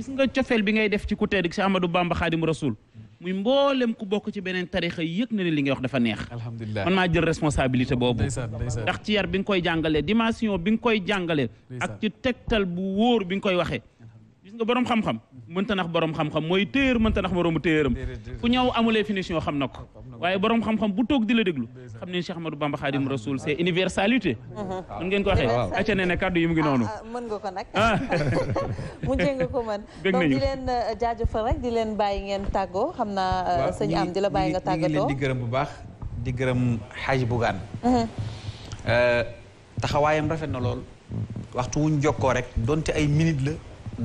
gis nga cofeel bi ngay def ci ku tedd ci Amadou Bamba Xaadim Rasul muy mboolem ku bokk ci beneen tarixa yëg na ne li ngay wax dafa neex alhamdulilah man maa jël responsabilité boobu ndax ci yar bi nga koy jàngalee dimension bi nga koy jàngale ak ci tegtal bu wóor bi nga koy waxee nga borom xam-xam mënta nax borom xam-xam mooy téer mënta nax moroomu téeram ku ñëw amulee finition xam na ko waaye borom xam-xam bu toog di la déglu xam ne Cheikh Ahmadou Bamba Khadim Rasoul c'est universalité mën uh-huh. ngeen ko waxee acca nee ne kàddu yi mu ngi noonu ah, ah, mën nga ko nag ah. mu jénga ko mën donc di leen euh, jaajëfal rek di leen bàyyi ngeen tàggoo xam naa euh, sëñ am di la bàyyi nga tàggatoo leen di gërëm bu baax di gërëm xaaj bugaan uh-huh. euh, taxawaayam rafet na lool waxtu wuñ jokkoo rek donte ay minute la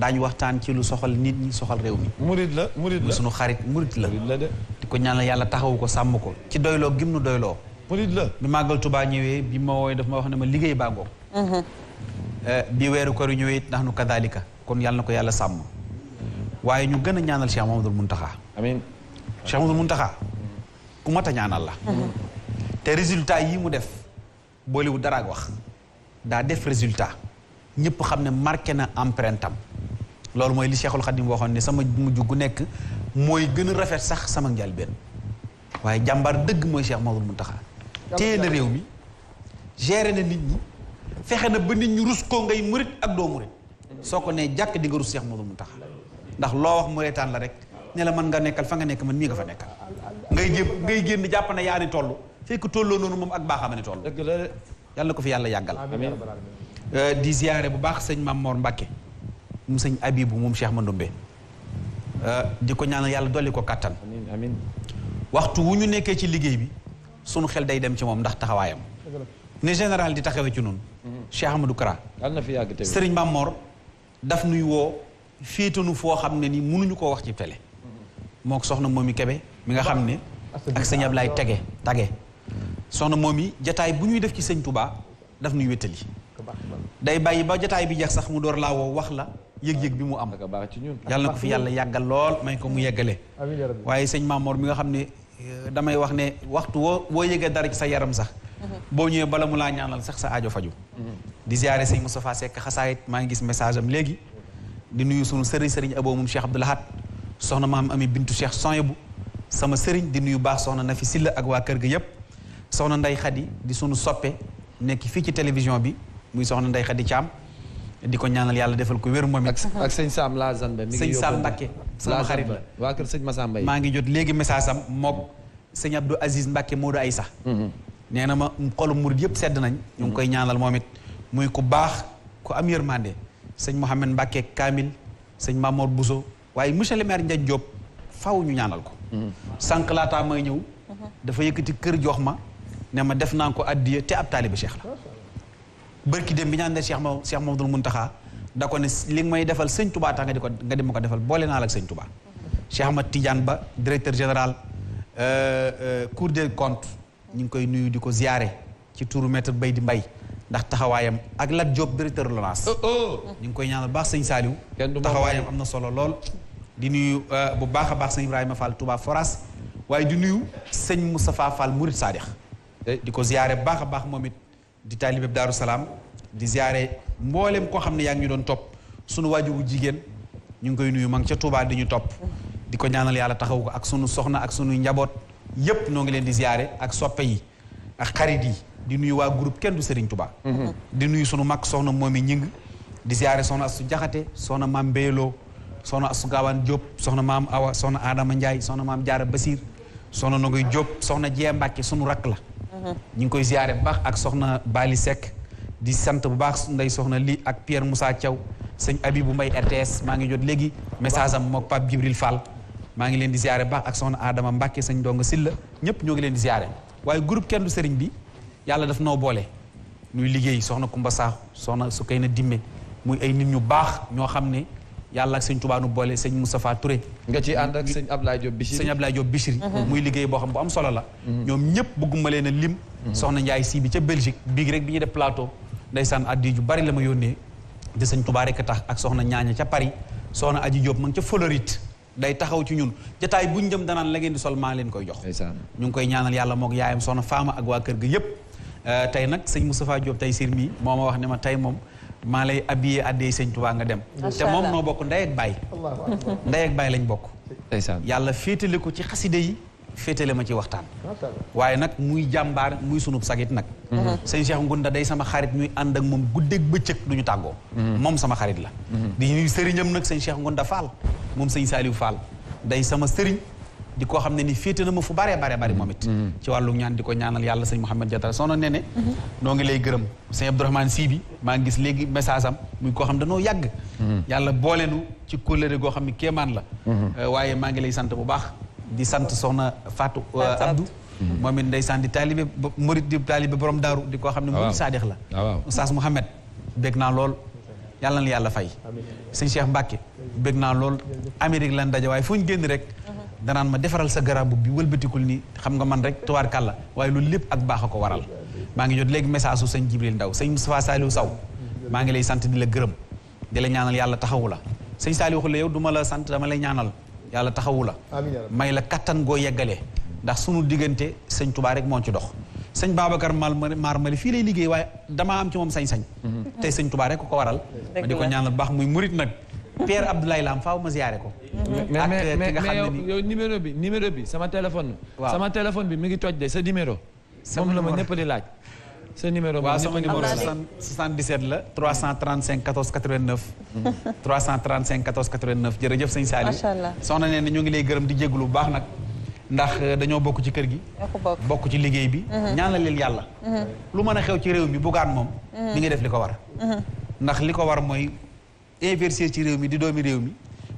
daañu waxtaan ci lu soxal nit ñi soxal réew mi. murit la murit la sunu xarit murit la. murit la de. di ko ñaanal yàlla taxawu ko sàmm ko. ci doyloo gim nu doyloo. murit la mu màggal tubaa ñëwee bi ma wooyee daf ma wax ne ma liggéey baa ngoog. Mm-hmm. Eh, bi weeru koor yi ñëwee it ndax nu kadaalika kon yàlla ko yàlla sàmm. waaye ñu gën a ñaanal Cheikh Mamadou Mountakha. amiin Cheikh mun taxa ku mat a ñaanal la. Mm-hmm. te résultat yi mu def boolewul dara ak wax daa def résultat ñëpp xam ne marqué na empreinte loolu mooy li Cheikhul Khadim waxoon ne sama mujj gu nekk mooy gën a rafet sax sama njëlbeen waaye jàmbaar dëgg mooy Cheikh Mawlud Muntaxa téye na réew mi géré na nit ñi fexe na ba nit ñi rus koo ngay murit ak doo murit soo ko nee jàkk di nga rus Cheikh Mawlud Muntaxa ndax loo wax mu reetaan la rek ne la mën nga nekkal fa nga nekk man mii nga fa nekkal ngay jé ngay génn jàpp na yaa ni toll fekk tolloo noonu moom ak baaxaama ni toll yàlla na ko fi yàlla yàggal euh, di ziyaare bu baax sëñ Maam Mor mu sëñ Abibu moom Cheikh Mandoumbe euh, di ko ñaan yàlla dolli ko kàttan waxtu wu ñu nekkee ci liggéey bi sunu xel day dem ci moom ndax taxawaayam ne général di taxawee ci noonu mm-hmm. Cheikh Amadou Kara yàlla na fi yàgg tamit Serigne daf nuy woo féetanu foo xam ne ni mënuñu koo wax ci télé mm-hmm. moo ko soxna moom i kebe mi nga xam ne ak sëñ Ablaye tege tage soxna moom i jataay bu ñuy def ci sëñ Touba daf nuy wéttali day bàyyi ba jataay bi jeex sax mu door laa woo wax la yëg-yëg bi mu am yàlla na ko fi yàlla yàggal lool may ko mu yeggale waaye sëñ Maamoor mi nga xam ne euh, damay wax ne waxtu woo boo yëgee dara ci sa yaram sax mhm. boo ñëwee bala mu laa ñaanal sax sa ajo faju mhm. di ziare sëñ Moustapha Seck xasaayit maa ngi gis message am léegi di nuyu sunu sëriñ sëriñ aboo moom Cheikh Abdoul Ahad soxna maam ami bintu Cheikh bu sama sëriñ di nuyu baax soxna na Nafi Silla ak waa kër gi yëpp soxna Ndey Xadi di sunu soppee nekk fii ci télévision bi muy soxna Ndey Xadi Caam di ko ñaanal yàlla defal ko wér moom it. ak sëñ Sam Lazanbe mi ngi yóbbu sëñ Sam Mbacke sama xarit la waa kër sëñ Massamba yi maa ngi jot léegi message am mook sëñ Abdou Aziz Mbacke Modou Aïssa mm-hmm. nee na ma xolu murid yëpp sedd nañ ñu ngi koy ñaanal moom it muy ku baax ku am yërmande sëñ Mouhamed Mbacke Kamil sëñ Mamour Bousso waaye monsieur le maire Ndiaye Diop faw ñu ñaanal ko mm-hmm. sànq laataa may ñëw mm-hmm. dafa yëkkati kër jox ma ne ma def naa ko addiya te ab taalibe Cheikh la bërki dem bi ñaan ne Cheikh Maw Cheikh Mamadou Muntaxa da ko ne li nga may defal sëñ Touba tax nga di ko nga di ma ko defal boole naa la ak sëñ Touba. Cheikh Ahmad Tidiane Ba directeur général euh, euh, Cour des comptes ñu ngi koy nuyu di ko ziyaare ci turu maître bay di mbay ndax taxawaayam ak Lat Diop directeur LONASE oh, oh. ñu ngi koy ñaanal baax sëñ Saliou taxawaayam am na solo lool di nuyu euh, bu baax a baax sëñ Ibrahima Fall Touba Foras waaye di nuyu sëñ Moustapha Fall Mourid Sadikh eh. di ko ziyaare baax baax moom it di taalibeb daaru salaam di ziare mboolem koo xam ne yaa ngi ñu doon topp suñu waaju jigéen ñu ngi koy nuyu ma ca tubaa di ñu topp di ko ñaanal yàlla taxaw ko ak suñu soxna ak suñu njaboot yépp noo ngi leen di ziare ak soppe yi ak xarit yi di nuyu waa groupe kenn du Serigne Touba. Mhm. di nuyu suñu mag soxna moom i ñing di ziare soxna Astu Jaxate soxna maam Mbéyeloo soxna Astu Gaawaan Diop soxna maam Awa soxna Adama Ndiaye soxna maam Jaara Basir soxna Nogoy Diop soxna Jee Mbàkke rakk la ñu ngi koy ziare bu baax ak soxna Bali sekk di sant bu baax nday soxna lii ak Pierre Moussa Thiaw sëñ bu may RTS maa ngi jot léegi message am mook Pape Djibril Fall maa ngi leen di ziare baax ak soxna Adama Mbacke sañ donga Silla ñëpp ñoo ngi leen di ziare waaye groupe kenn du sëriñ bi yàlla daf noo boole ñuy liggéey soxna Kumba Saaxu soxna Sukayna Dimme muy ay nit ñu baax ñoo xam ne yàlla ak sëñ Touba boole sëñ Moustapha Touré. nga ci ànd ak sëñ Ablaye Diop Bichiri sëñ Ablaye Diop Bichiri mhm. muy liggéey boo xam bu am solo la. Mhm. ñoom ñëpp bëgguma leen a lim. Mhm. soxna Ndiaye si bi ca Belgique biig rek bi ñu def plateau ndeysaan addi ju bari la ma yónnee te sëñ Touba rek tax ak soxna ñaaña ca Paris soxna Aji Diop ma ngi ca Floride day taxaw ci ñun jataay buñ jëm danaan la ngeen di sol maa leen koy jox ñu ngi koy ñaanal yàlla moo yaayam soxna faama ak waa kër gi yëpp euh, tey nag sëñ Moustapha Diop tey sir mii moo ma wax ne ma tey moom maa lay habillé addee sëñ Tuubaa nga dem te moom noo bokk ndey ak baay ndey ak baay lañ bokk yàlla féetale ko ci xaside yi féetale ma ci waxtaan waaye nag muy jàmbaar muy sunub sagit nag mhm. sëñ ngun Ngunda day sama xarit ñuy ànd ak moom guddeeg bëccëg du ñu tàggoo mhm. moom sama xarit la mhm. di sëriñam nag sëñ Cheikh Ngunda Fall moom sëñ Saliou Fall day sama sëriñ di koo xam ne ni féete na ma fu bare bare bari moom it mm-hmm. Mm-hmm. ci wàllu ñaan di ko ñaanal yàlla sëñ Mouhamed Diatara soxna Nene mm-hmm. noo ngi lay gërëm sëñ Abdourahmane Sy bi maa ngi gis léegi message am muy koo xam danoo yàgg yàlla booleenu ci kóllëre goo xam ne kéemaan la euh, waaye maa ngi lay sant bu baax di sant soxna Fatou euh, Abdou moom it ndeysaan di taalibe murid di taalibe borom daaru di koo xam ne murid ah, saadix la ah, Oustaz Mouhamed bég naa lool yàlla na yàlla fay sëñ Cheikh Mbacke bég naa lool Amérique lan daje ñu génn rek danaan ma defaral sa garab bi wëlbatikul ni xam nga man rek tubaarkàlla waaye loolu lépp ak baax a ko waral maa ngi jot léegi message su sëñ Jibril Ndaw sëñ Moustapha Saliou Saw maa ngi lay sant di la gërëm di la ñaanal yàlla taxawu la sëñ Saliou Khoule yow duma la sant dama lay ñaanal yàlla taxawu la may la kattan goo yeggalee ndax sunu diggante sëñ Touba rek moo ci dox sëñ Babacar mal marmali fii lay liggéey waaye damaa am ci moom sañ-sañ mhm. tey sëñ Touba rek ko waral ma di ko muy murit nag Pierre Abdoulaye Lam ma ziyaare ko mais mais mais yow yow numéro bi numéro bi sama téléphone. waaw sama téléphone bi mi ngi toj de sa numéro. sama numéro moom la laaj. sa numéro waaw sama numéro 77 la 335 14 89. 335 14 89 jërëjëf sëñ Saliou. macha allah soxna ne ñu ngi lay gërëm di jéglu bu baax nag. ndax euh, dañoo bokk ci kër gi. bokk ci liggéey bi. ñaan mhm. ñaanaleel yàlla. Mhm. lu mën a xew ci réew mi bugaan moom. Mhm. mi ngi def li ko war. ndax li ko war mooy investir ci réew mi di doomi réew mi.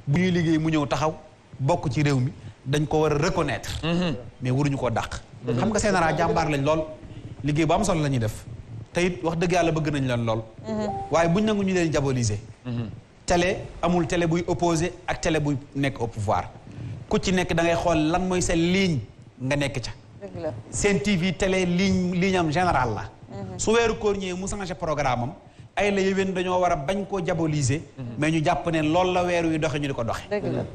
bu ñuy liggéey mu ñëw taxaw bokk ci réew mi dañ ko war a reconnaître mhm. mais waruñu ko dàq mhm. xam nga CNRA jàmbaar lañ lool liggéey bu am solo la ñuy def te wax dëgg yàlla bëgg nañ leen lool mhm. waaye buñ nangu ñu leen diaboliser télé amul télé buy opposé ak tele buy nekk au pouvoir ku ci nekk dangay xool lan mooy sa ligne nga nekk ca seen TV télé ligne ligne am général la su weeru koor ñëwee mu changé programme ay la yéwén dañoo war a bañ koo diaboliser. Mhm. mais ñu jàpp neen loolu la weer wi doxe ñu di ko doxe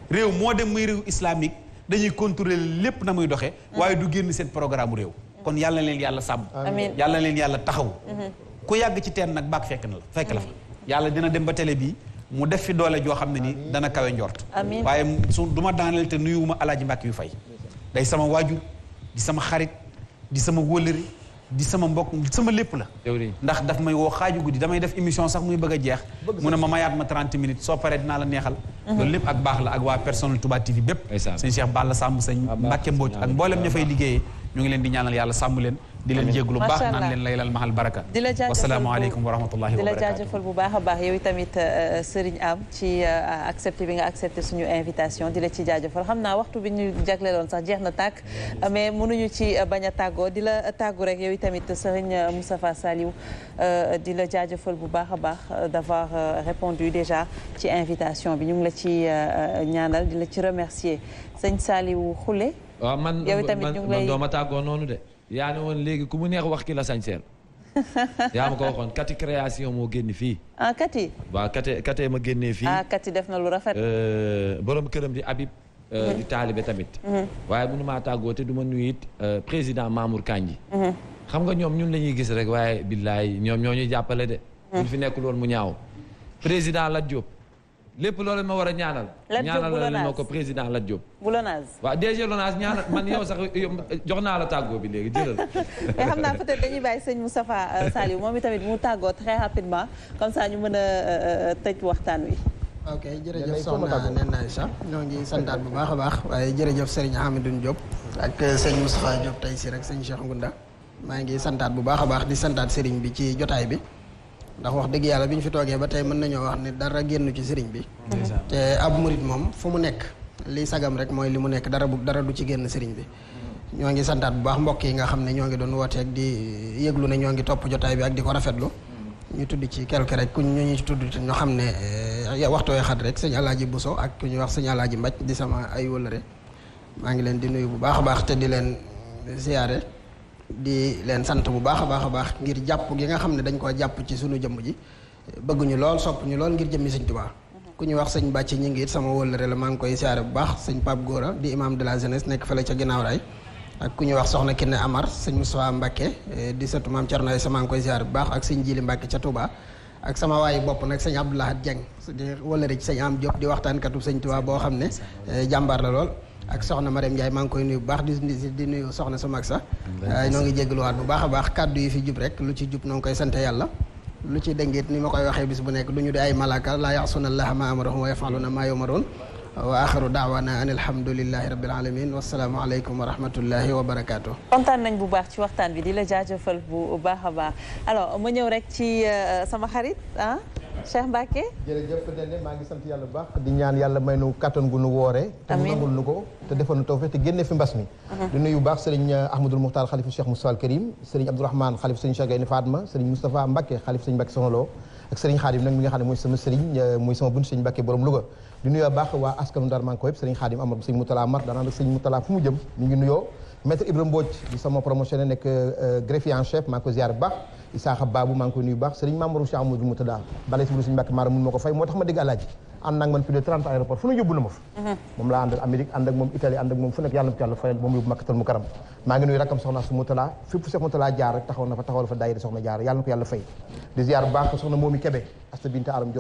réew moo dem muy réew islamique dañuy contrôler lépp na muy doxe mhm. waaye du génn seen programme réew kon yàlla leen yàlla sàmm yàlla leen yàlla taxaw mhm. ku yàgg ci teen nag baak fekk na la fekk la fa yàlla dina dem ba télé bii mu def fi doole joo xam ne ni dana kawe njort waaye su du ma daaneel te nuyuwuma alaaji Mbàkke yu fay day sama waajur di sama xarit di sama wëllëri di sama mbokk sama lépp la ndax daf may woo xaaju guddi damay def émission sax muy bëgg a jeex mu ne ma mayaat ma 30 minutes soo paree dinaa la neexal mhm. loolu lépp ak baax la ak waa personnel Touba TV bépp sëñ Cheikh Balla Samb sëñ Mbacke Mbodj ak mboolem ña fay liggéeyee ñu ngi leen di ñaanal yàlla sàmm leen di leen jéglu baax naan leen baraka di la jaajëfal wasalaamaaleykum wa rahmatullahi wa barakaatu di la jaajëfal bu baax a baax yow tamit euh, euh, Serigne Am ci euh, accepté bi nga accepté suñu invitation di la ci jaajëfal xam naa waxtu bi ñu loon sax jeex na tàkk mais mënuñu ci bañ a tàggoo di la tàggu rek yow tamit Serigne Moustapha Saliou di la jaajëfal bu baax a baax d'avoir répondu déjà ci invitation bi ñu la ci ñaanal di la ci remercier sëñ Saliou Khoule. yow tamit ñu ngi lay waaw man man man doo ma tàggoo noonu de. yaa ne woon léegi ku mu neex wax ki la sañseel yaa ma ko waxoon kati création moo génn fii. ah kati. waaw kate ma génnee fii. ah kati def na lu rafet. Euh, boroom këram di Habib. Euh, mhm. di taalibe tamit. Mhm. waaye mënu maa tàggoo te du ma nuyu it euh, président Mamour Kandji. Mhm. xam nga ñoom ñun la ñuy gis rek waaye billaay ñoom ñoo ñuy jàppale de. buñ fi nekk lool mu ñaaw. président Lat Diop. lépp loolu ma war a ñaanal. ñaanal la ma ko président Lat Diop. bu Lonase waaw DG Lonase ñaanal man yow sax jox naa la tàggoo bi léegi jëlal. mais xam naa peut-être dañuy bàyyi sëñ Moustapha euh, Saliou moom itamit mu tàggoo très rapidement comme ça ñu mën a euh, euh, tëj waxtaan wi. ok jërëjëf soxna nen naa sax ñoo ngi santaat bu baax a baax waaye jërëjëf Serigne Hamidou Diop. ak sëñ Moustapha Diop tey si rek sëñ Cheikh Ngunda maa ngi santaat bu baax a baax di santaat Serigne bi ci jotaay bi. ndax wax dëgg yàlla bi ñu fi toogee ba tey mën nañoo wax ne dara génn ci sëriñ bi te ab murit moom fu mu nekk liy sagam rek mooy li mu nekk dara bu dara du ci génn sëriñ bi ñoo ngi santaat bu baax mbokk yi nga xam ne ñoo ngi doon woote di yëglu ne ñoo ngi topp jotaay bi ak di ko rafetlu ñu tudd ci quelque rek ku ñu ñu ci tudd te ñoo xam ne eh, waxtu way xat rek sëñ Alaaji Buso ak ku ñuy wax sëñ Alaaji Mbaj di sama ay wëlëre maa ngi leen di nuyu bu baax a baax te di leen siyaare di leen sant bu baax a baax a baax ngir jàpp gi nga xam ne dañ koo jàpp ci suñu jëmm ji bëgguñu lool sopp ñu lool ngir jëmmi sëñ Tuubaa mhm. ku ñu wax sëñ Bàcc ñi ngi it sama wóllare la maa koy siyaare bu baax sëñ Pape Gora di imam la jeunesse nekk fële ca ginnaaw raay ak ku wax soxna Kiné Amar sëñ Moustapha Mbacke di sëtu maam Thierno sama maa ngi koy siyaare bu baax ak sëñ Jili Mbacke ca Touba ak sama waayu bopp nag sañ Abdoulahat Dieng di wóllare ci sëñ Am Diop di waxtaankatu sëñ Tuubaa boo xam ne e, jàmbaar la lool ak soxna Marème Ndiaye maa ngi koy nuyu bu baax di di nuyu soxna sa mag sax noo ngi jégaluwaat bu baax a baax kàddu yi fi jub rek lu ci jub noo ngi koy sant yàlla lu ci dëngit ni ma koy waxee bis bu nekk du ñu di ay malaaka laa yasuna allaha ma amarahum wa a ma yumaroon wa axiru daawana an alhamdulilahi rabil alamin wasalaamu aleykum wa rahmatullahi wa barakaatu. kontaan nañ bu baax ci waxtaan bi di la jaajëfal bu baax a baax alors ma ñëw rek ci euh, sama xarit ah. Cheikh Mbacke. jërëjëf Ndeye maa ngi sant yàlla bu baax di ñaan yàlla may nu kattan gu nu wooree. te mu nangul nu ko te defal nu tawfeex te génne fi mbas mi. di nuyu bu baax sëriñ Ahmadul Muxtaar xalifu Cheikh Moustapha al Karim sëriñ Abdourahmane xalifu sëriñ Cheikh Gaynde Fatma Xaadim nag mi nga ne mooy sama sëriñ euh, mooy sama bunt sëriñ Mbacke borom Louga di nuyu baax waa askanu Ndar maa ngi ko yëpp sëriñ Xaadim Amar sëriñ Mar danaa nag sëriñ Moutala fu mu jëm mi ngi nuyoo maître Ibrahima sama promotionnaire nekk euh, euh, greffier en baax Isaaxa Baabu maa ngi koy nuyu baax sëriñ Mamadou Cheikh Amadou Moutada bala si sëriñ Mbàkke Mara mun ma ko fay moo tax ma dégg àlaaji ànd naa man plus de 30 aéroport mhm. fu nekk yàlla na ko yàlla fayal moom yóbbu Makkatal soxna su Moutada fépp fu Cheikh Moutada jaar rek